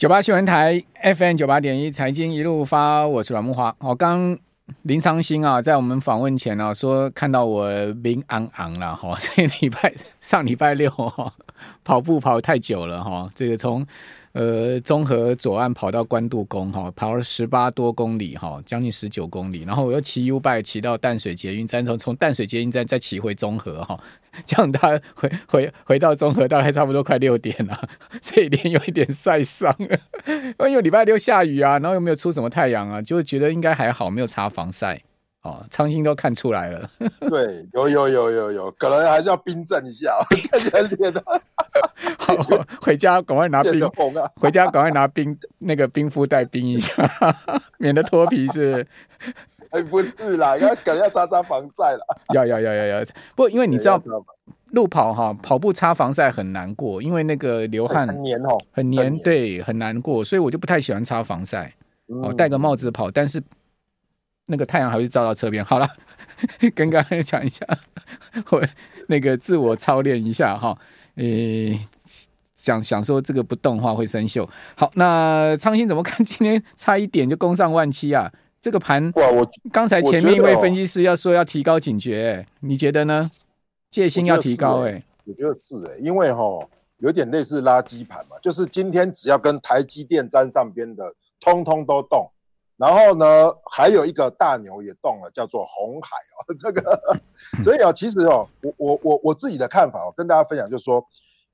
九八新聞台，FM 九八點一，財經一路發，我是阮慕驊。我、哦、剛林昌興啊，在我們訪問前呢、啊，說看到我明昂昂了哈，這禮拜上禮拜六哈，跑步跑太久了哈，這個從。呃，中和左岸跑到關渡宮哈，跑了十八多公里哈，將近十九公里，然後我又騎 U-bike 騎到淡水捷運站，從從淡水捷運站再，再騎回中和哈，這樣他回回回到中和大概差不多快六點了，這一點有一點曬傷了，因為有禮拜六下雨啊，然後又沒有出什麼太陽啊，就覺得應該還好，沒有擦防曬。哦，昌興都看出來了。對，有有有有有，可能還是要冰鎮一下，哦，不然臉都……好，我回家趕快拿冰， 回家趕快拿冰 那個冰敷袋冰一下， 免得脫皮是。哎 、欸，不是啦，要可能要擦擦防曬啦。要要要要要，不過因為你知道，路跑哈、啊、跑步擦防曬很難過，因為那個流汗很黏、哎年哦、很黏年，對，很難過，所以我就不太喜歡擦防曬、嗯。哦，戴個帽子跑，但是。那個太陽還會照到側邊。好了，跟剛剛講一下，我那個自我操練一下哈。誒、嗯，想想說這個不動的話會生鏽。好，那昌興怎麼看？今天差一點就攻上萬七啊！這個盤，哇、啊，我剛才前面一位分析師要說要提高警覺，欸覺欸，你覺得呢？戒心要提高、欸，我覺得是，欸覺得是欸，因為哈，有點類似垃圾盤嘛，就是今天只要跟台積電沾上邊的，通通都動。然後呢，還有一個大牛也動了，叫做鴻海哦，這個，所以啊，哦，其實哦，我我我我自己的看法哦，跟大家分享就是說，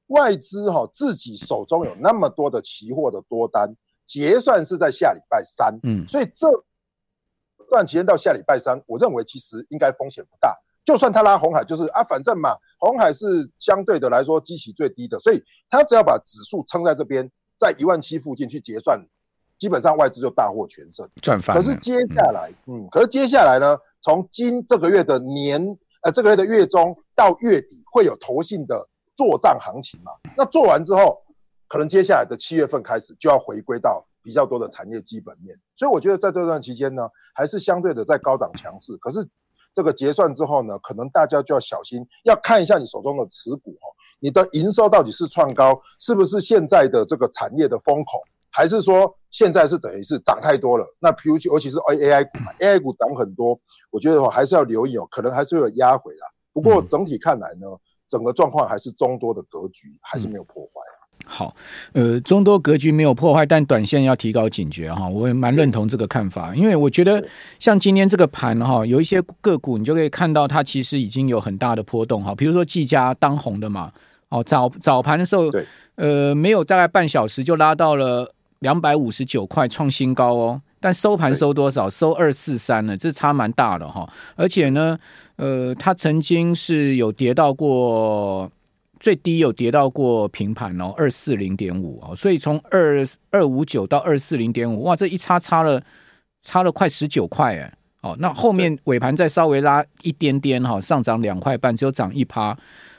外資哈，哦，自己手中有那麼多的期貨的多單，結算是在下禮拜三，嗯，所以這段期間到下禮拜三，我認為其實應該風險不大，就算他拉鴻海，就是啊，反正嘛，鴻海是相對的來說基期最低的，所以他只要把指數撐在這邊，在一萬七附近去結算。基本上外資就大獲全勝，賺翻。可是接下來，嗯，嗯，可是接下來呢？從今這個月的年，呃，這個月的月中到月底會有投信的做賬行情嘛？那做完之後，可能接下來的七月份開始就要回歸到比較多的產業基本面。所以我覺得在這段期間呢，還是相對的在高檔強勢。可是這個結算之後呢，可能大家就要小心，要看一下你手中的持股哦，你的營收到底是創高，是不是現在的這個產業的風口？還是說現在是等於是漲太多了？那譬如尤其是 AI 股，AI 股漲、嗯、很多，我覺得話、哦、還是要留意哦，可能還是會有壓回來。不過整體看來呢，嗯、整個狀況還是中多的格局、嗯、還是沒有破壞、啊。好，呃，中多格局沒有破壞，但短線要提高警覺哈、哦。我也蠻認同這個看法，因為我覺得像今天這個盤哈、哦，有一些個股你就可以看到它其實已經有很大的波動哈、哦。比如說技嘉當紅的嘛，哦，早早盤的時候對，呃，沒有大概半小時就拉到了。兩百五十九塊創新高哦，但收盤收多少？收二四三呢？這差蠻大的哈、哦。而且呢，呃，它曾經是有跌到過最低，有跌到過平盤哦，二四零點五哦。所以從二二五九到二四零點五，哇，這一差差了差了快十九塊哎。哦，那後面尾盤再稍微拉一點點哈、哦，上漲兩塊半，只有漲一趴。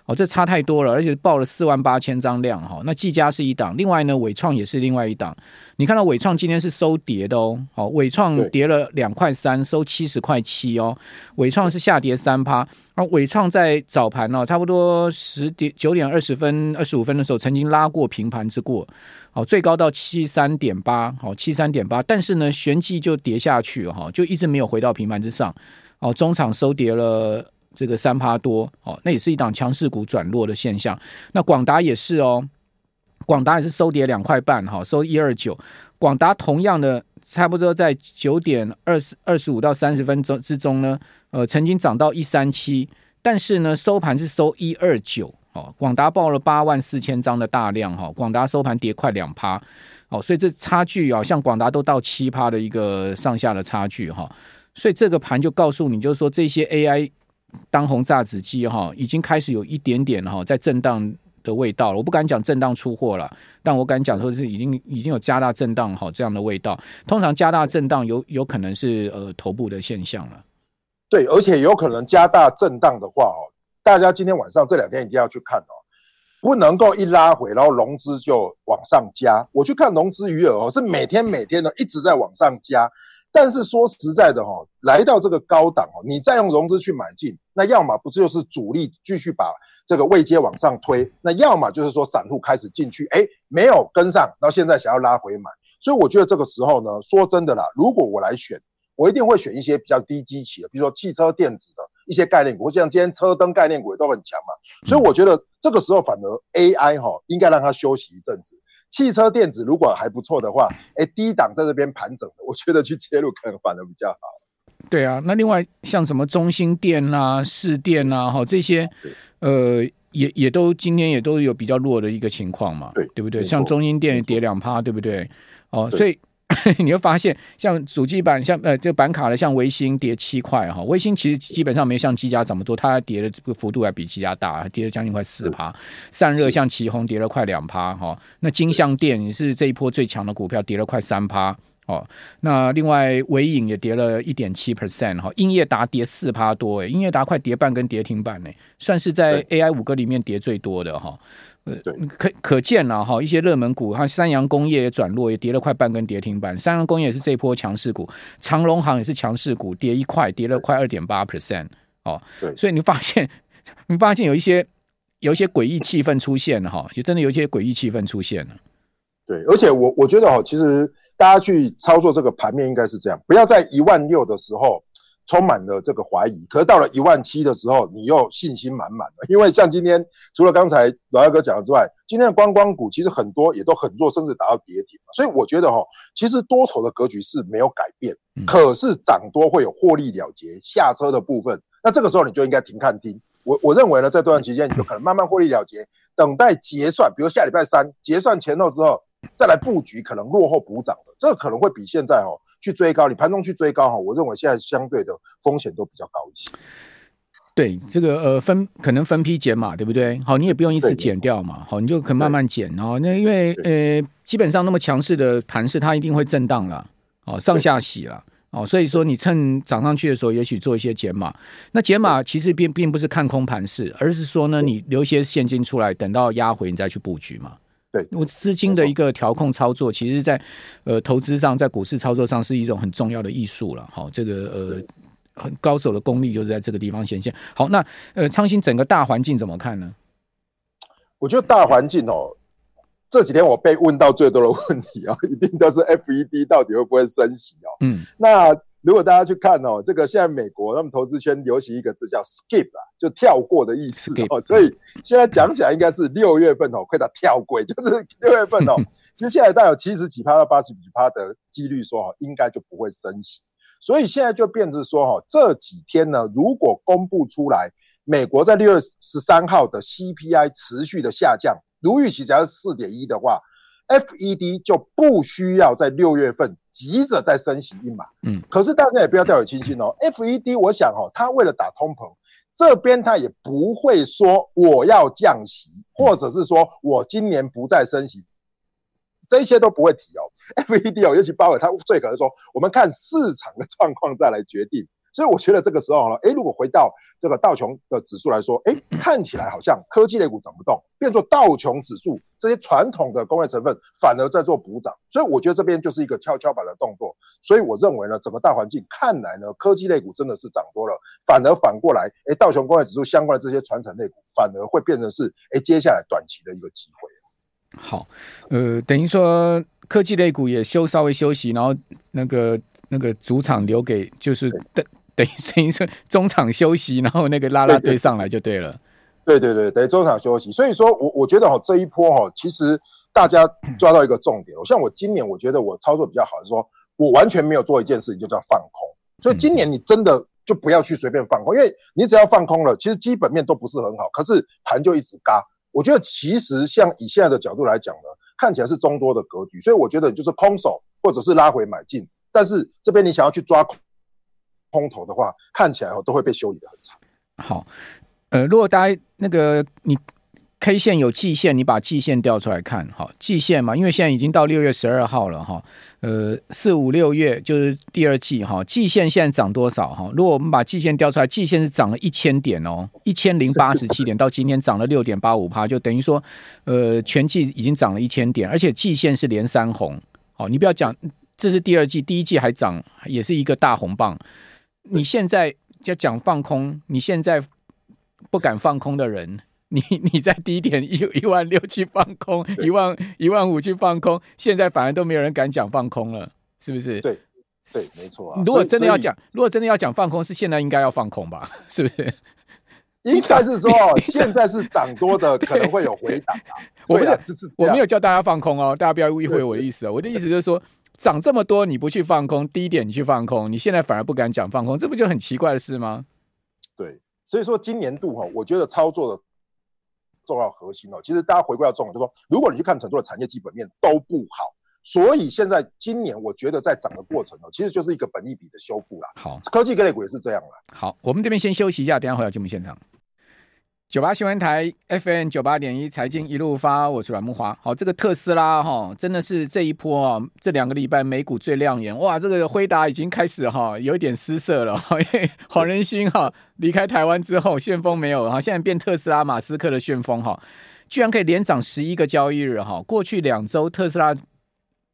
哦，這差太多了，而且報了四萬八千張量哈、哦。那技嘉是一檔，另外呢，緯創也是另外一檔。你看到緯創今天是收跌的哦，哦，緯創跌了兩塊三，收七十塊七哦。緯創是下跌三趴、啊，而緯創在早盤呢、哦，差不多十點九點二十分、二十五分的時候，曾經拉過平盤之過，哦，最高到七三點八，好七三點八，但是呢，旋即就跌下去哈、哦，就一直沒有回到平盤之上，哦，中場收跌了。這個三趴多哦，那也是一檔強勢股轉弱的現象。那廣達也是哦，廣達也是收跌兩塊半哈，收一二九。廣達同樣的差不多在九點二十二十五到三十分鐘之中呢，呃，曾經漲到一三七，但是呢收盤是收一二九哦。廣達報了八萬四千張的大量哈、哦，廣達收盤跌快兩趴哦，所以這差距啊、哦，像廣達都到七趴的一個上下的差距哈、哦，所以這個盤就告訴你，就是說這些 AI。當紅炸子雞哈，已經開始有一點點哈，在震盪的味道了。我不敢講震盪出貨了，但我敢講說是已經已經有加大震盪哈，這樣的味道。通常加大震盪有有可能是呃頭部的現象了。對，而且有可能加大震盪的話哦，大家今天晚上這兩天一定要去看哦，不能夠一拉回，然後融資就往上加。我去看融資餘額哦，是每天每天都一直在往上加。但是說實在的哈、喔，來到這個高檔哦，你再用融資去買進，那要麼不就是主力繼續把這個位階往上推，那要麼就是說散戶開始進去、欸，誒沒有跟上，到現在想要拉回買。所以我覺得這個時候呢，說真的啦，如果我來選，我一定會選一些比較低基期的，比如說汽車電子的一些概念股，像今天車燈概念股也都很強嘛。所以我覺得這個時候反而 AI 哈，應該讓它休息一陣子。汽車電子如果還不錯的話，哎、欸，低檔在這邊盤整，我覺得去切入可能反而比較好。對啊，那另外像什麼中興電啊、士電啊，哈這些，呃，也也都今天也都有比較弱的一個情況嘛，對，對不對？像中興電也跌兩趴，對不對？哦，所以。 你會發現，像主機板，像呃，這個板卡的，像微星跌七塊哈。微星其實基本上沒有像技嘉這麼多，它還跌的這個幅度還比技嘉大，還跌了將近快四趴。散熱像奇鋐跌了快兩趴哈。那金像電是這一波最強的股票，跌了快三趴。哦，那另外緯穎也跌了一點七 percent 哈，英業達跌四趴多哎，英業達快跌半跟跌停板呢，算是在 AI 五個裡面跌最多的哈、哦，呃可可見了、啊、哈，一些熱門股，像三洋工業也轉弱，也跌了快半跟跌停板，三洋工業也是這一波強勢股，長隆行也是強勢股，跌一塊，跌了快二點八 percent 哦，所以你發現你發現有一些有一些詭異氣氛出現了哈，也真的有一些詭異氣氛出現了。對，而且我我覺得哈、哦，其實大家去操作這個盤面應該是這樣，不要在一萬六的時候充滿了這個懷疑，可是到了一萬七的時候，你又信心滿滿了。因為像今天，除了剛才老大哥講的之外，今天的觀光股其實很多也都很弱，甚至達到跌停嘛。所以我覺得哈、哦，其實多頭的格局是沒有改變，可是漲多會有獲利了結下車的部分。那這個時候你就應該停看聽。我我認為呢，在這段期間你就可能慢慢獲利了結，等待結算，比如下禮拜三結算前後之後。再來布局，可能落後補漲的，這個可能會比現在哦去追高，你盤中去追高哈、哦，我認為現在相對的風險都比較高一些。對，這個呃分可能分批減碼，對不對？好，你也不用一次減掉嘛，好，你就可慢慢減哦。那因為呃、欸、基本上那麼強勢的盤勢，它一定會震盪了哦，上下洗了哦，所以說你趁漲上去的時候，也許做一些減碼。那減碼其實並並不是看空盤勢，而是說呢，你留一些現金出來，等到壓回你再去布局嘛。對，我資金的一個調控操作，其實在，在呃投資上，在股市操作上是一種很重要的藝術了。好，這個呃，很高手的功力就是在這個地方顯現。好，那呃，昌興整個大環境怎麼看呢？我覺得大環境哦，這幾天我被問到最多的問題啊、哦，一定都是 FED 到底會不會升息哦。嗯，那。如果大家去看哦，這個現在美國他們投資圈流行一個字叫 “skip” 啊，就跳過的意思哦，所以現在講起來應該是六月份哦，可以打跳櫃，就是六月份哦。其實現在大有七十幾趴到八十幾趴的幾率說哦，應該就不會升息。所以現在就變成說哈、哦，這幾天呢，如果公布出來，美國在六月十三號的 CPI 持續的下降，如預期只要是四點一的話，FED 就不需要在六月份。急着在升息一碼，嗯，可是大家也不要掉以輕心哦。F E D，我想哦，他為了打通膨，這邊他也不會說我要降息，或者是說我今年不再升息，這些都不會提哦。F E D 哦，尤其包括他最可能說，我們看市場的狀況再來決定。所以我覺得這個時候呢，欸，如果回到這個道瓊的指數來說，欸，看起來好像科技類股漲不動，變做道瓊指數這些傳統的工業成分反而在做補漲，所以我覺得這邊就是一個蹺蹺板的動作。所以我認為呢，整個大環境看來呢，科技類股真的是漲多了，反而反過來，欸，道瓊工業指數相關的這些傳承類股反而會變成是，欸，接下來短期的一個機會。好，呃，等於說科技類股也休稍微休息，然後那個那個主場留給就是等於等於說中場休息，然後那個拉拉隊上來就對了。對對對，等於中場休息。所以說我我覺得哈，這一波哈，其實大家抓到一個重點。嗯，像我今年，我覺得我操作比較好，是說我完全沒有做一件事情，就叫放空。所以今年你真的就不要去隨便放空，因為你只要放空了，其實基本面都不是很好，可是盤就一直嘎。我覺得其實像以現在的角度來講呢，看起來是中多的格局，所以我覺得你就是空手或者是拉回買進。但是這邊你想要去抓空。空頭的話，看起來都會被修理得很慘。好，呃，如果大家那個你 K 線有季線，你把季線調出來看，哈，季線嘛，因為現在已經到六月十二號了哈，呃，四五六月就是第二季哈、哦，季線現在漲多少哈、哦？如果我們把季線調出來，季線是漲了一千點哦，一千零八十七點 到今天漲了六點八五趴，就等於說，呃，全季已經漲了一千點，而且季線是連三紅，好，你不要講，這是第二季，第一季還漲，也是一個大紅棒。你現在就講放空，你現在不敢放空的人，的你你在低點一一萬六去放空，一萬一萬五去放空，現在反而都沒有人敢講放空了，是不是？對對，沒錯、啊。如果真的要講，如果真的要講放空，是現在應該要放空吧？是不是？應該是說，現在是漲多的，可能會有回檔、啊 啊。我不是、就是，我沒有叫大家放空哦，大家不要誤會我的意思哦，對對對，我的意思就是說。 漲這麼多，你不去放空，低點你去放空，你現在反而不敢講放空，這不就很奇怪的事嗎？對，所以說今年度哈、哦，我覺得操作的重要核心哦，其實大家回歸到重點就是，就說如果你去看很多的產業基本面都不好，所以現在今年我覺得在漲的過程哦，其實就是一個本益比的修復了。好，科技概念股也是這樣了。好，我們這邊先休息一下，等一下回到節目現場。九八新聞台 FM 九八點一財經一路發，我是阮慕驊。好，這個特斯拉哈、哦，真的是這一波啊、哦，這兩個禮拜美股最亮眼哇！這個輝達已經開始哈、哦，有一點失色了， 因為黃仁勳哈、哦、離開台灣之後，旋風沒有哈，現在變特斯拉馬斯克的旋風哈，居然可以連漲十一個交易日哈，過去兩周特斯拉。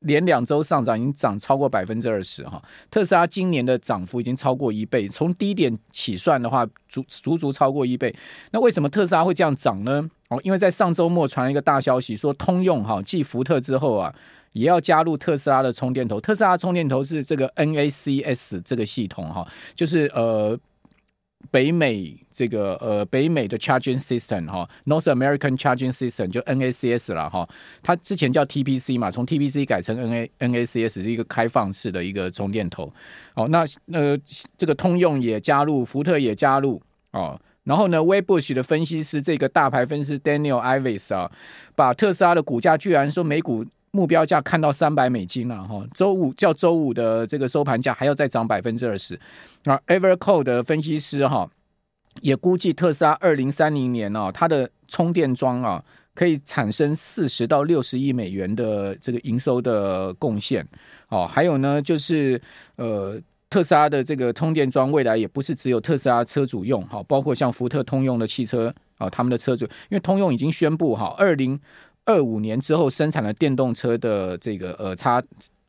連兩周上漲，已經漲超過百分之二十哈。特斯拉今年的漲幅已經超過一倍，從低點起算的話，足足足超過一倍。那為什麼特斯拉會這樣漲呢？哦，因為在上周末傳了一個大消息，說通用哈繼福特之後啊，也要加入特斯拉的充電頭。特斯拉充電頭是這個 NACS 這個系統哈，就是呃。北美這個呃，北美的 charging system 哈、哦，North American charging system 就 NACS 了哈、哦，它之前叫 TPC 嘛，從 TPC 改成 N A NACS 是一個開放式的一個充電頭。哦，那呃，這個通用也加入，福特也加入哦。然後呢 Wedbush 的分析師這個大牌分析 Daniel Ives 啊，把特斯拉的股價居然說每股。目標價看到三百美金了、啊、哈，週五叫週五的這個收盤價還要再漲百分之二十。那 Evercore 的分析師哈、啊、也估計特斯拉二零三零年啊，它的充電樁啊可以產生四十到六十億美元的這個營收的貢獻哦、啊。還有呢，就是呃，特斯拉的這個充電樁未來也不是只有特斯拉車主用哈，包括像福特、通用的汽車啊，他們的車主，因為通用已經宣布哈，二、啊、零。二五年之後生產的電動車的這個呃插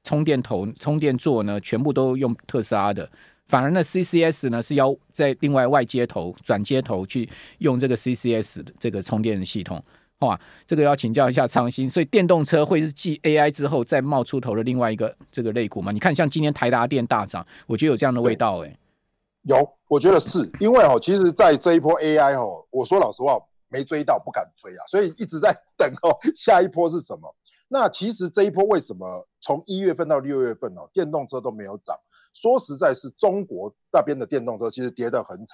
充電頭充電座呢，全部都用特斯拉的，反而呢 CCS 呢是要在另外外接頭轉接頭去用這個 CCS 的這個充電系統，哇，這個要請教一下昌興，所以電動車會是繼 AI 之後再冒出頭的另外一個這個類股嗎？你看像今天台達電大漲，我覺得有這樣的味道哎、欸，有，我覺得是因為哦，其實，在這一波 AI 哦，我說老實話。沒追到，不敢追啊，所以一直在等哦、喔。下一波是什麼？那其實這一波為什麼從一月份到六月份哦、啊，電動車都沒有漲。說實在，是中國那邊的電動車其實跌得很慘。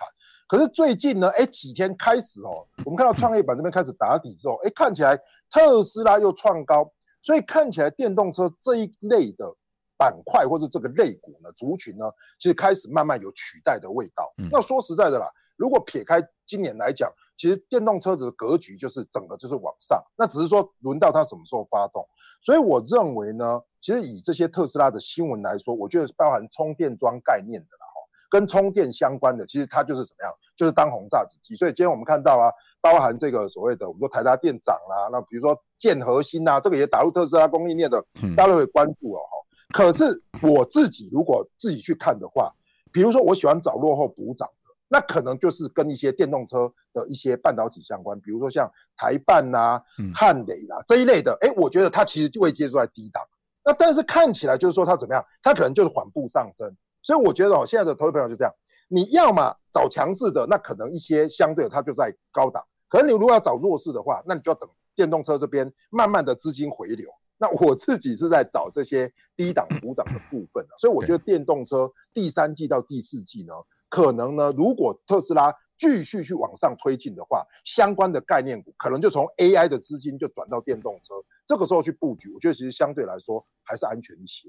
可是最近呢，哎，幾天開始哦、喔，我們看到創業板這邊開始打底之後，哎，看起來特斯拉又創高，所以看起來電動車這一類的板塊或者這個類股呢，族群呢，其實開始慢慢有取代的味道、嗯。那說實在的啦。如果撇開今年來講，其實電動車子的格局就是整個就是往上，那只是說輪到它什麼時候發動。所以我認為呢，其實以這些特斯拉的新聞來說，我覺得包含充電樁概念的啦，哈，跟充電相關的，其實它就是怎麼樣，就是當紅炸子雞。所以今天我們看到啊，包含這個所謂的我們說台達電漲啦，那比如說健和興吶、啊，這個也打入特斯拉供應鏈的，大家都會關注哦，哈。可是我自己如果自己去看的話，比如說我喜歡找落後補漲。那可能就是跟一些電動車的一些半導體相關，比如說像台半啊、嗯、漢磊啦這一類的，誒、欸、我覺得它其實就會接出在低檔。那但是看起來就是說它怎麼樣，它可能就是緩步上升。所以我覺得哦，現在的投資朋友就這樣，你要麼找強勢的，那可能一些相對它就在高檔。可能你如果要找弱勢的話，那你就要等電動車這邊慢慢的資金回流。那我自己是在找這些低檔補漲的部分，啊，所以我覺得電動車第三季到第四季呢，可能呢，如果特斯拉繼續去往上推進的話，相關的概念股可能就從 AI 的資金就轉到電動車。這個時候去布局，我覺得其實相對來說還是安全一些。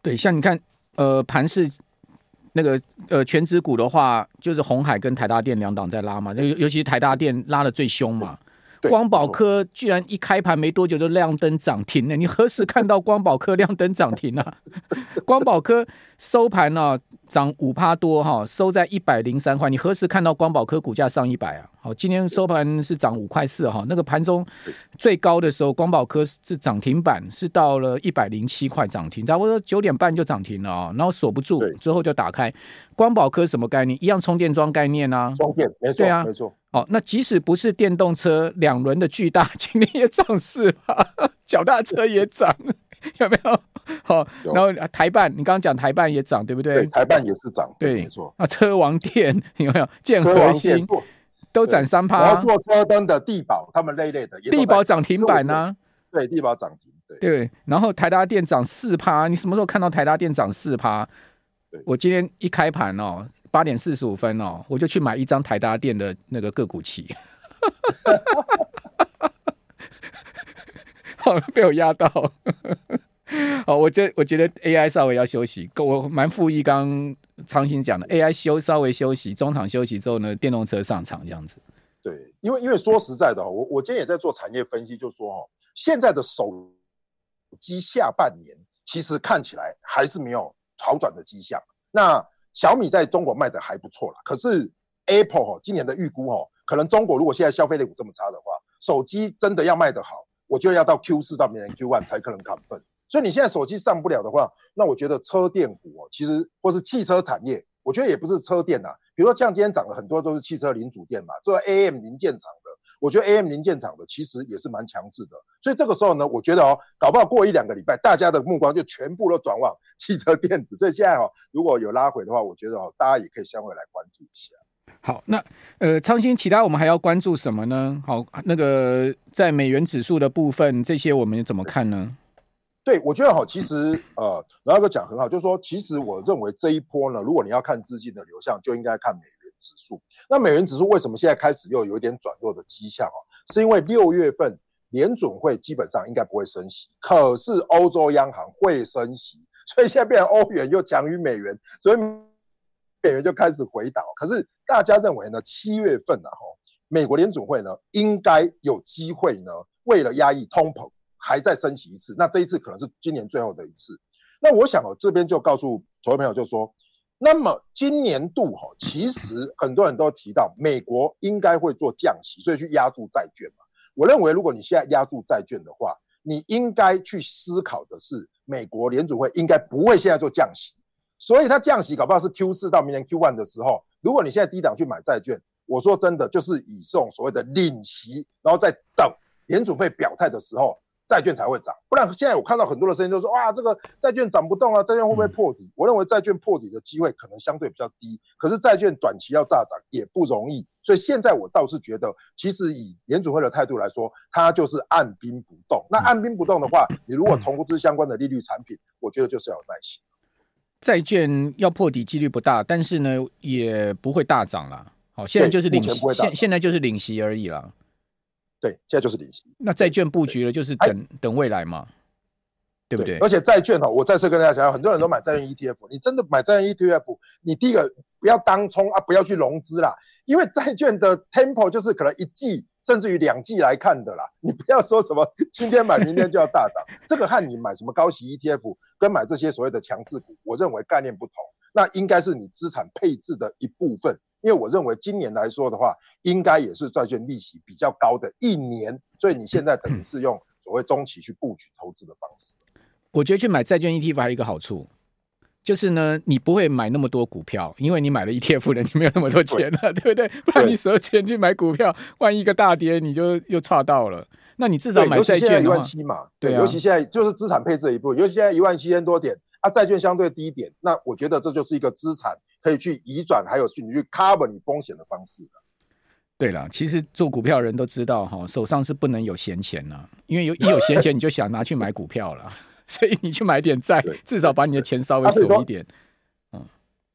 對，像你看，呃，盤勢那個呃權值股的話，就是鴻海跟台大電兩檔在拉嘛，尤尤其台大電拉得最凶嘛。光寶科居然一開盤沒多久就亮燈漲停了、欸，你何時看到光寶科亮燈漲停啊？ 光寶科收盤呢、啊？漲五趴多哈，收在一百零三塊。你何時看到光寶科股價上一百啊？好，今天收盤是漲五塊四哈。那個盤中最高的時候，光寶科是漲停板，是到了一百零七塊漲停。差不多九點半就漲停了啊，然後鎖不住，最後就打開。光寶科什麼概念？一樣充電樁概念啊。充電沒錯啊，沒錯。哦，那即使不是電動車，兩輪的巨大今天也漲四趴，腳 踏車也漲。 有沒有？好、哦，然後台半，你剛剛講台半也漲，對不對？對台半也是漲，對，對，沒錯。啊，車王店有沒有？建和新都漲三趴，然後做車燈的地保，他們累累的也，地保漲停板呢、啊？對，地保漲停對。對，然後台達電漲四趴，你什麼時候看到台達電漲四趴？我今天一開盤哦，八點四十五分哦，我就去買一張台達電的那個個股期，好 被我壓到。 好，我覺我覺得 AI 稍微要休息，我蠻同意剛昌興講的，AI 休稍微休息，中場休息之後呢，電動車上場這樣子。對，因為因為說實在的，哦，我我今天也在做產業分析，就是說哦，現在的手機下半年其實看起來還是沒有好轉的跡象。那小米在中國賣的還不錯啦，可是 Apple，哦，今年的預估哦，可能中國如果現在消費類股這麼差的話，手機真的要賣得好，我就要到 Q 四到明年 Q one 才可能亢奮。所以你現在手機上不了的話，那我覺得車電股哦，其實或是汽車產業，我覺得也不是車電吶、啊。比如說像今天漲了很多都是汽車零組件嘛，做 AM 零件廠的，我覺得 AM 零件廠的其實也是蠻強勢的。所以這個時候呢，我覺得哦，搞不好過一兩個禮拜，大家的目光就全部都轉往汽車電子。所以現在哦，如果有拉回的話，我覺得哦，大家也可以相互來關注一下。好，那呃，昌興，其他我們還要關注什麼呢？好，那個在美元指數的部分，這些我們怎麼看呢？對，我覺得好其實呃，然後就講很好，就是說，其實我認為這一波呢，如果你要看資金的流向，就應該看美元指數。那美元指數為什麼現在開始又有點轉弱的跡象啊？是因為六月份聯準會基本上應該不會升息，可是歐洲央行會升息，所以現在變成歐元又強於美元，所以美元就開始回檔。可是大家認為呢？七月份呢，哈，美國聯準會呢，應該有機會呢，為了壓抑通膨。還再升息一次，那這一次可能是今年最後的一次。那我想哦，這邊就告訴投資朋友，就說，那麼今年度哈，其實很多人都提到美國應該會做降息，所以去壓住債券嘛。我認為，如果你現在壓住債券的話，你應該去思考的是，美國聯儲會應該不會現在做降息，所以它降息搞不好是 Q 四到明年 Q one 的時候。如果你現在低檔去買債券，我說真的，就是以這種所謂的領息，然後再等聯儲會表態的時候。債券才會漲，不然現在我看到很多的聲音都說，哇，這個債券漲不動啊，債券會不會破底？嗯、我認為債券破底的機會可能相對比較低，可是債券短期要炸漲也不容易，所以現在我倒是覺得，其實以聯準會的態度來說，它就是按兵不動。嗯、那按兵不動的話，你如果投資相關的利率產品、嗯，我覺得就是要有耐心。債券要破底幾率不大，但是呢，也不會大漲了。好、哦，現在就是領息，現在就是領息而已了。嗯對，現在就是利息。那債券布局了，就是等等未來嘛，對不對？對，而且債券哈，我再次跟大家講，很多人都買債券 ETF，嗯、你真的買債券 ETF，你第一個不要當沖啊，不要去融資啦，因為債券的 tempo 就是可能一季甚至於兩季來看的啦。你不要說什麼今天買明天就要大漲， 這個和你買什麼高息 ETF 跟買這些所謂的強勢股，我認為概念不同。那應該是你資產配置的一部分。因為我認為今年來說的話，應該也是債券利息比較高的一年，所以你現在等於是用所謂中期去布局投資的方式。我覺得去買債券 ETF 還有一個好處，就是呢，你不會買那麼多股票，因為你買了 ETF 了，你沒有那麼多錢了，對,對不對？不然你捨錢去買股票，萬一一個大跌，你就又差到了。那你至少買債券。一萬七嘛，對啊、對，尤其現在就是資產配置的一步，尤其現在一萬七千多點，啊，債券相對低點，那我覺得這就是一個資產。可以去移轉，還有去你去 cover 你風險的方式。對了，其實做股票的人都知道哈，手上是不能有閒錢了，啊，因為一有有閒錢你就想拿去買股票了， 所以你去買點債，對對對，至少把你的錢稍微鎖一點對對對，啊。嗯，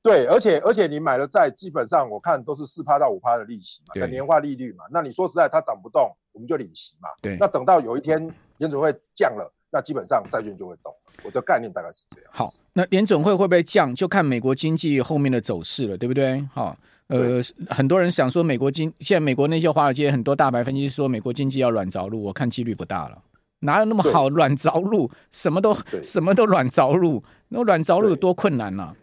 對，而且而且你買的債，基本上我看都是四趴到五趴的利息嘛，年化利率嘛，那你說實在它漲不動，我們就領息嘛。對，那等到有一天聯準會降了。那基本上債券就會動，我的概念大概是這樣。好，那聯準會會不會降，就看美國經濟後面的走勢了，對不對？好、哦，呃，很多人想說美國經，現在美國那些華爾街很多大牌分析師說美國經濟要軟着陸，我看幾率不大了。哪有那麼好軟着陸？什麼都對什麼都軟着陸？那軟着陸有多困難啊！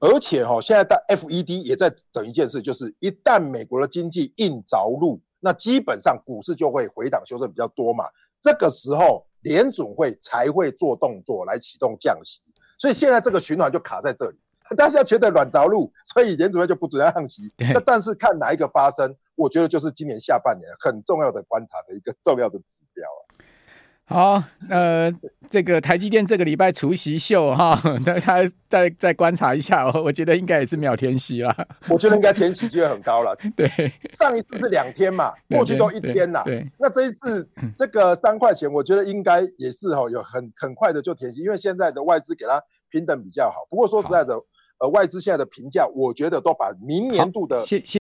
而且哈、哦，現在的 FED 也在等一件事，就是一旦美國的經濟硬着陸，那基本上股市就會回檔修正比較多嘛。這個時候。聯準會才會做動作來啟動降息，所以現在這個循環就卡在這裡。大家覺得軟着陸，所以聯準會就不准降息。對。那但，但是看哪一個發生，我覺得就是今年下半年很重要的觀察的一個重要的指標啊。好，呃，這個台積電這個禮拜除夕秀哈，大家再再觀察一下，我覺得應該也是秒填息了。我覺得應該填息機會很高了。 對，上一次是兩天嘛，過去都一天啦。對，對對，那這一次這個三塊錢，我覺得應該也是吼，有很很快的就填息，因為現在的外資給它評得比較好。不過說實在的，呃，外資現在的評價，我覺得都把明年度的。